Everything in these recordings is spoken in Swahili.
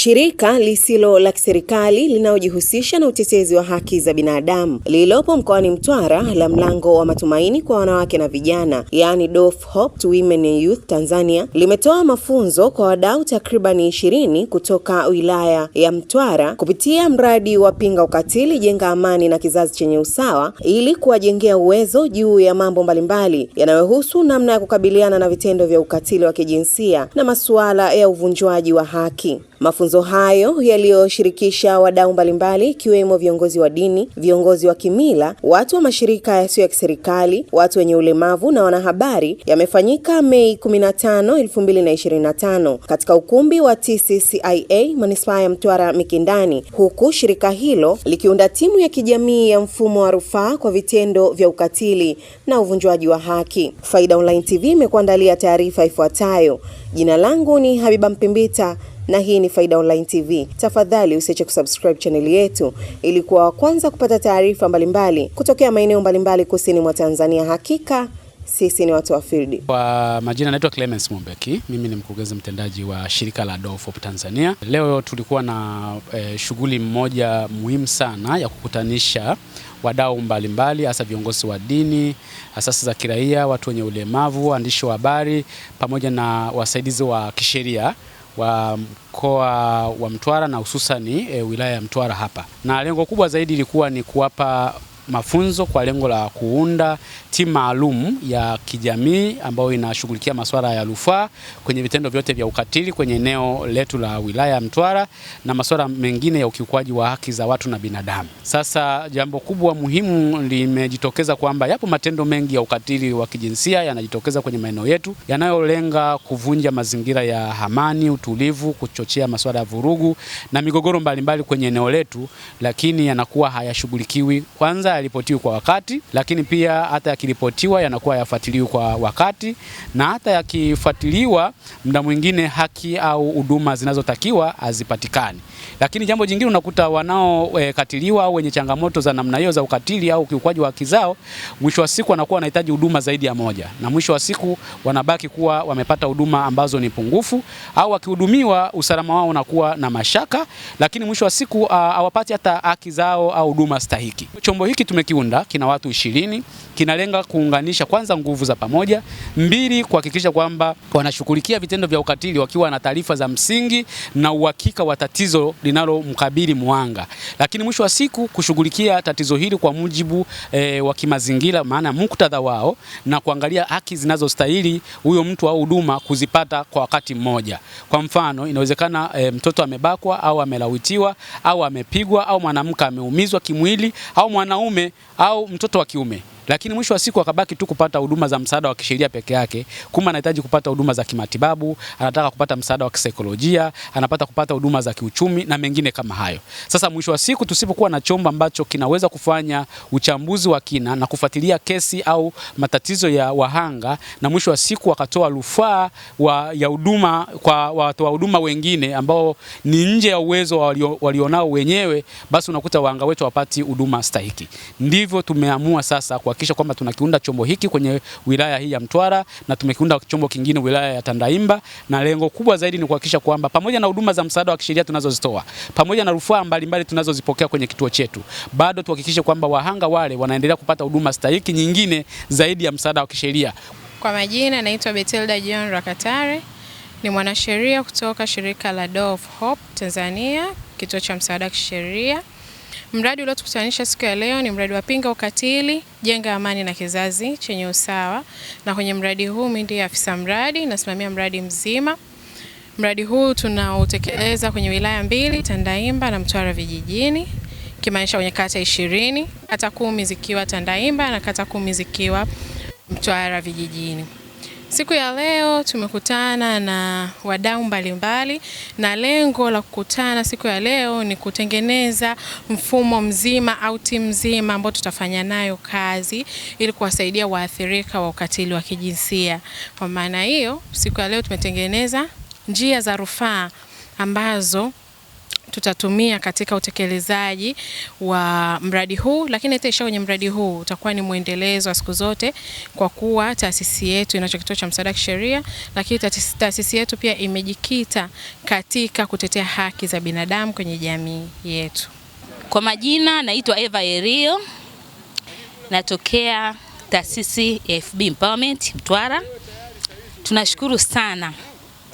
Shirika lisilo la kiserikali linalojihusisha na utetezi wa haki za binadamu lililopo mkoani Mtwara la Mlango wa Matumaini kwa Wanawake na Vijana, yaani DOF Hope to Women and Youth Tanzania, limetoa mafunzo kwa wadau takribani ishirini kutoka wilaya ya Mtwara kupitia mradi wa Pinga Ukatili, Jenga Amani na Kizazi Chenye Usawa, ili kuwajengea uwezo juu ya mambo mbalimbali yanayohusu namna ya kukabiliana na vitendo vya ukatili wa kijinsia na masuala ya uvunjwaji wa haki. Mafunzo hayo yaliyoshirikisha wadau mbalimbali ikiwemo viongozi wa dini, viongozi wa kimila, watu wa mashirika yasiyo ya kiserikali, watu wenye ulemavu na wanahabari yamefanyika Mei 15, 2025 katika ukumbi wa TCCIA manispaa ya Mtwara Mikindani, huku shirika hilo likiunda timu ya kijamii ya mfumo wa rufaa kwa vitendo vya ukatili na uvunjwaji wa haki. Faida Online TV imekuandalia taarifa ifuatayo. Jina langu ni Habiba Mpimbita na hii ni Faida Online TV. Tafadhali usiache kusubscribe chaneli yetu ili kuwa wa kwanza kupata taarifa mbalimbali kutokea maeneo mbalimbali kusini mwa Tanzania. Hakika sisi ni watu wa field. Kwa majina naitwa Clemens Mombeki, mimi ni mkurugenzi mtendaji wa shirika la Door of Tanzania. Leo tulikuwa na eh, shughuli moja muhimu sana ya kukutanisha wadau mbalimbali hasa viongozi wa dini, asasi za kiraia, watu wenye ulemavu, waandishi wa habari pamoja na wasaidizi wa kisheria wa mkoa wa Mtwara na hususani e, wilaya ya Mtwara hapa, na lengo kubwa zaidi ilikuwa ni kuwapa mafunzo kwa lengo la kuunda timu maalum ya kijamii ambayo inashughulikia masuala ya rufaa kwenye vitendo vyote vya ukatili kwenye eneo letu la wilaya ya Mtwara na masuala mengine ya ukiukwaji wa haki za watu na binadamu. Sasa jambo kubwa muhimu limejitokeza kwamba yapo matendo mengi ya ukatili wa kijinsia yanajitokeza kwenye maeneo yetu yanayolenga kuvunja mazingira ya amani, utulivu, kuchochea masuala ya vurugu na migogoro mbalimbali kwenye eneo letu, lakini yanakuwa hayashughulikiwi kwanza yaripotiwi kwa wakati, lakini pia hata yakiripotiwa yanakuwa yafuatiliwi kwa wakati, na hata yakifuatiliwa, muda mwingine haki au huduma zinazotakiwa hazipatikani. Lakini jambo jingine unakuta wanaokatiliwa eh, au wenye changamoto za namna hiyo za ukatili au ukiukwaji wa haki zao, mwisho wa siku wanakuwa wanahitaji huduma zaidi ya moja, na mwisho wa siku wanabaki kuwa wamepata huduma ambazo ni pungufu, au wakihudumiwa usalama wao unakuwa na mashaka, lakini mwisho wa siku ah, hawapati hata haki zao au huduma stahiki. Chombo hiki tumekiunda, kina watu ishirini, kinalenga kuunganisha kwanza nguvu za pamoja, mbili kuhakikisha kwamba wanashughulikia vitendo vya ukatili wakiwa na taarifa za msingi na uhakika wa tatizo linalomkabili mwanga lakini mwisho wa siku kushughulikia tatizo hili kwa mujibu e, wa kimazingira, maana muktadha wao na kuangalia haki zinazostahili huyo mtu au huduma kuzipata kwa wakati mmoja. Kwa mfano, inawezekana e, mtoto amebakwa au amelawitiwa au amepigwa au mwanamke ameumizwa kimwili au mwanaume au mtoto wa kiume lakini mwisho wa siku akabaki tu kupata huduma za msaada wa kisheria peke yake. Kumbe anahitaji kupata huduma za kimatibabu, anataka kupata msaada wa kisaikolojia, anapata kupata huduma za kiuchumi na mengine kama hayo. Sasa mwisho wa siku, tusipokuwa na chombo ambacho kinaweza kufanya uchambuzi wa kina na kufuatilia kesi au matatizo ya wahanga, na mwisho wa siku wakatoa rufaa wa, ya huduma kwa watoa huduma wengine ambao ni nje ya uwezo walionao wenyewe, basi unakuta wahanga wetu wapati huduma stahiki. Ndivyo tumeamua sasa kwa kuhakikisha kwamba tunakiunda chombo hiki kwenye wilaya hii ya Mtwara na tumekiunda chombo kingine wilaya ya Tandaimba, na lengo kubwa zaidi ni kuhakikisha kwamba pamoja na huduma za msaada wa kisheria tunazozitoa pamoja na rufaa mbalimbali tunazozipokea kwenye kituo chetu, bado tuhakikishe kwamba wahanga wale wanaendelea kupata huduma stahiki nyingine zaidi ya msaada wa kisheria. Kwa majina naitwa Betilda John Rakatare, ni mwanasheria kutoka shirika la Door of Hope Tanzania, kituo cha msaada wa kisheria. Mradi uliotukutanisha siku ya leo ni mradi wa Pinga Ukatili, Jenga Amani na Kizazi Chenye Usawa, na kwenye mradi huu mimi ndiye afisa mradi, nasimamia mradi mzima. Mradi huu tunautekeleza kwenye wilaya mbili, Tandaimba na Mtwara Vijijini, kimaanisha kwenye kata ishirini, kata kumi zikiwa Tandaimba na kata kumi zikiwa Mtwara Vijijini. Siku ya leo tumekutana na wadau mbalimbali na lengo la kukutana siku ya leo ni kutengeneza mfumo mzima au timu mzima ambao tutafanya nayo kazi ili kuwasaidia waathirika wa ukatili wa kijinsia. Kwa maana hiyo, siku ya leo tumetengeneza njia za rufaa ambazo tutatumia katika utekelezaji wa mradi huu, lakini hataishia kwenye mradi huu, utakuwa ni mwendelezo wa siku zote, kwa kuwa taasisi yetu inacho kituo cha msaada wa kisheria, lakini taasisi yetu pia imejikita katika kutetea haki za binadamu kwenye jamii yetu. Kwa majina naitwa Eva Erio, natokea taasisi ya FB Empowerment Mtwara. Tunashukuru sana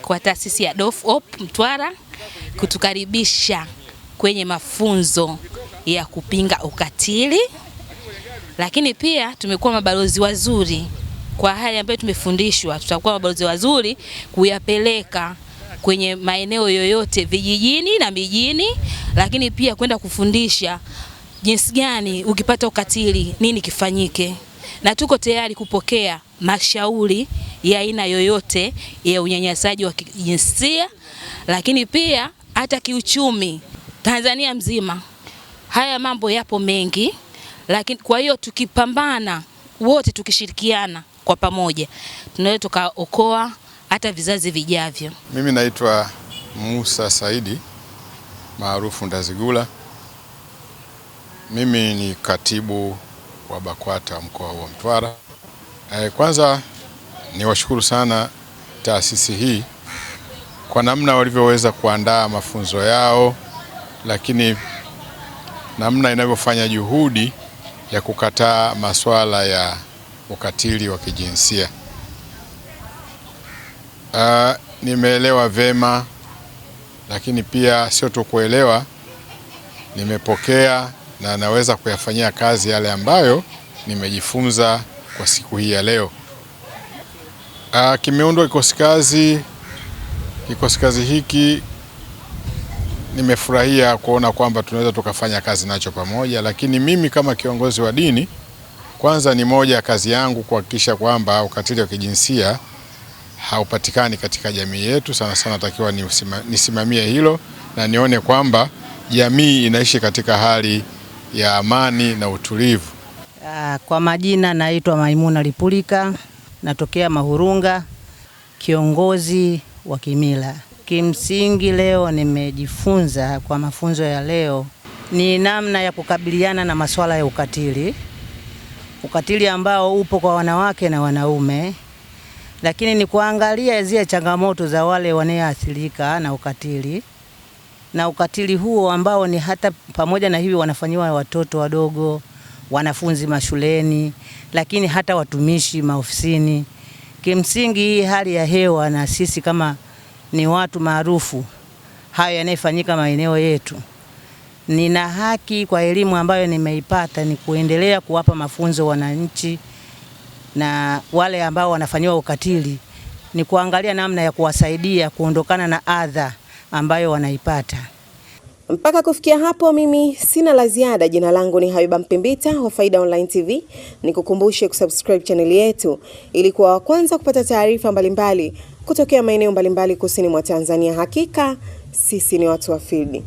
kwa taasisi ya Op Mtwara kutukaribisha kwenye mafunzo ya kupinga ukatili, lakini pia tumekuwa mabalozi wazuri kwa hali ambayo tumefundishwa. Tutakuwa mabalozi wazuri kuyapeleka kwenye maeneo yoyote vijijini na mijini, lakini pia kwenda kufundisha jinsi gani ukipata ukatili nini kifanyike, na tuko tayari kupokea mashauri ya aina yoyote ya unyanyasaji wa kijinsia, lakini pia hata kiuchumi Tanzania mzima haya mambo yapo mengi, lakini kwa hiyo tukipambana wote tukishirikiana kwa pamoja tunaweza tukaokoa hata vizazi vijavyo. Mimi naitwa Musa Saidi maarufu Ndazigula. Mimi ni katibu wa BAKWATA mkoa wa Mtwara. Eh, kwanza niwashukuru sana taasisi hii kwa namna walivyoweza kuandaa mafunzo yao, lakini namna inavyofanya juhudi ya kukataa masuala ya ukatili wa kijinsia. Uh, nimeelewa vema, lakini pia sio tu kuelewa, nimepokea na naweza kuyafanyia kazi yale ambayo nimejifunza kwa siku hii ya leo. Uh, kimeundwa kikosi kazi Kikosi kazi hiki nimefurahia kuona kwamba tunaweza tukafanya kazi nacho pamoja, lakini mimi kama kiongozi wa dini, kwanza ni moja ya kazi yangu kuhakikisha kwamba ukatili wa kijinsia haupatikani katika jamii yetu. Sana sana takiwa nisimamie hilo na nione kwamba jamii inaishi katika hali ya amani na utulivu. Ah, kwa majina naitwa Maimuna Lipulika, natokea Mahurunga, kiongozi wa kimila. Kimsingi leo nimejifunza kwa mafunzo ya leo ni namna ya kukabiliana na masuala ya ukatili, ukatili ambao upo kwa wanawake na wanaume, lakini ni kuangalia zile changamoto za wale wanaoathirika na ukatili na ukatili huo ambao ni hata pamoja na hivi wanafanyiwa watoto wadogo, wanafunzi mashuleni, lakini hata watumishi maofisini. Kimsingi hii hali ya hewa na sisi kama ni watu maarufu, hayo yanayofanyika maeneo yetu, nina haki kwa elimu ambayo nimeipata ni kuendelea kuwapa mafunzo wananchi na wale ambao wanafanyiwa ukatili, ni kuangalia namna ya kuwasaidia kuondokana na adha ambayo wanaipata. Mpaka kufikia hapo mimi sina la ziada. Jina langu ni Habiba Mpimbita wa Faida Online TV. Nikukumbushe kusubscribe chaneli yetu ili kuwa wa kwanza kupata taarifa mbalimbali kutokea maeneo mbalimbali kusini mwa Tanzania. Hakika sisi ni watu wa field.